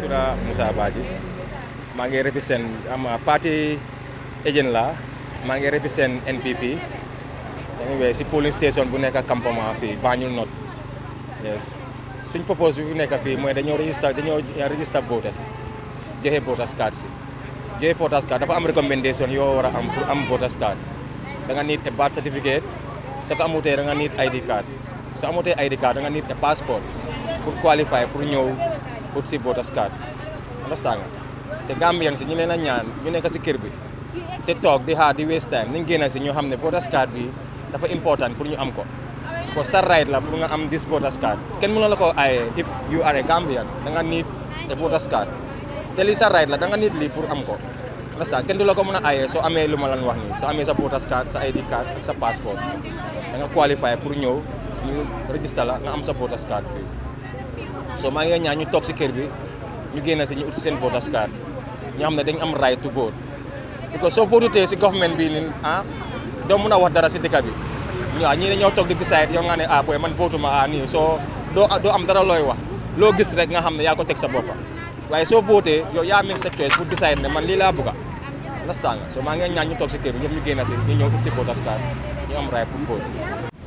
tura musa baji maa ngi represent am um, uh, party agent la maa ngi represent NPP wé si polling station bu nekk campement fi bañul Not. yes suñ propose bu nek fi moy dañu register dañu ya register voters joxe voters card ci joxe voters card dafa am recommendation yo wara am pour am voters card da nga need a birth certificate sa ko amuté da nga need ID card sa amuté ID card da nga need a passport pour qualify pour ñëw put support us card understand nga te Gambian si ñu nee na ñaan ñu nekk si kër bi te toog di xaar di waste time nañ génn si ñu xam ne voters card bi dafa important pour ñu am ko ko sa right la pour nga am this voters card kenn mënu la ko aaye if you da nga need a voters card te lii sa right la da nga need lii pour am ko understand kenn du la ko mën a aaye soo amee lu ma lan wax nii soo amee sa voters card sa ID card ak sa passeport da nga qualify pour ñëw ñu register la nga am sa voters card fii soo maa ngi ñaan ñu toog si kër bi ñu génna si ñu ut seen voters card ñu xam ne dañ am right to vote because soo votutee si government bi nii ah doo mun a wax dara si dëkk bi waaw ñii dañoo toog di decide yow ne ah booy man votu ma ah doo am dara looy wax loo gis rek nga xam ne yaa ko teg sa bopp waaye soo voté yow yaa amee sa choice pour ne man lii laa bëgg a understand nga soo maa ngi ñaan ñu toog si kër bi ñëpp ñu génn si ñu ñëw ut si voters card ñu am right pour vote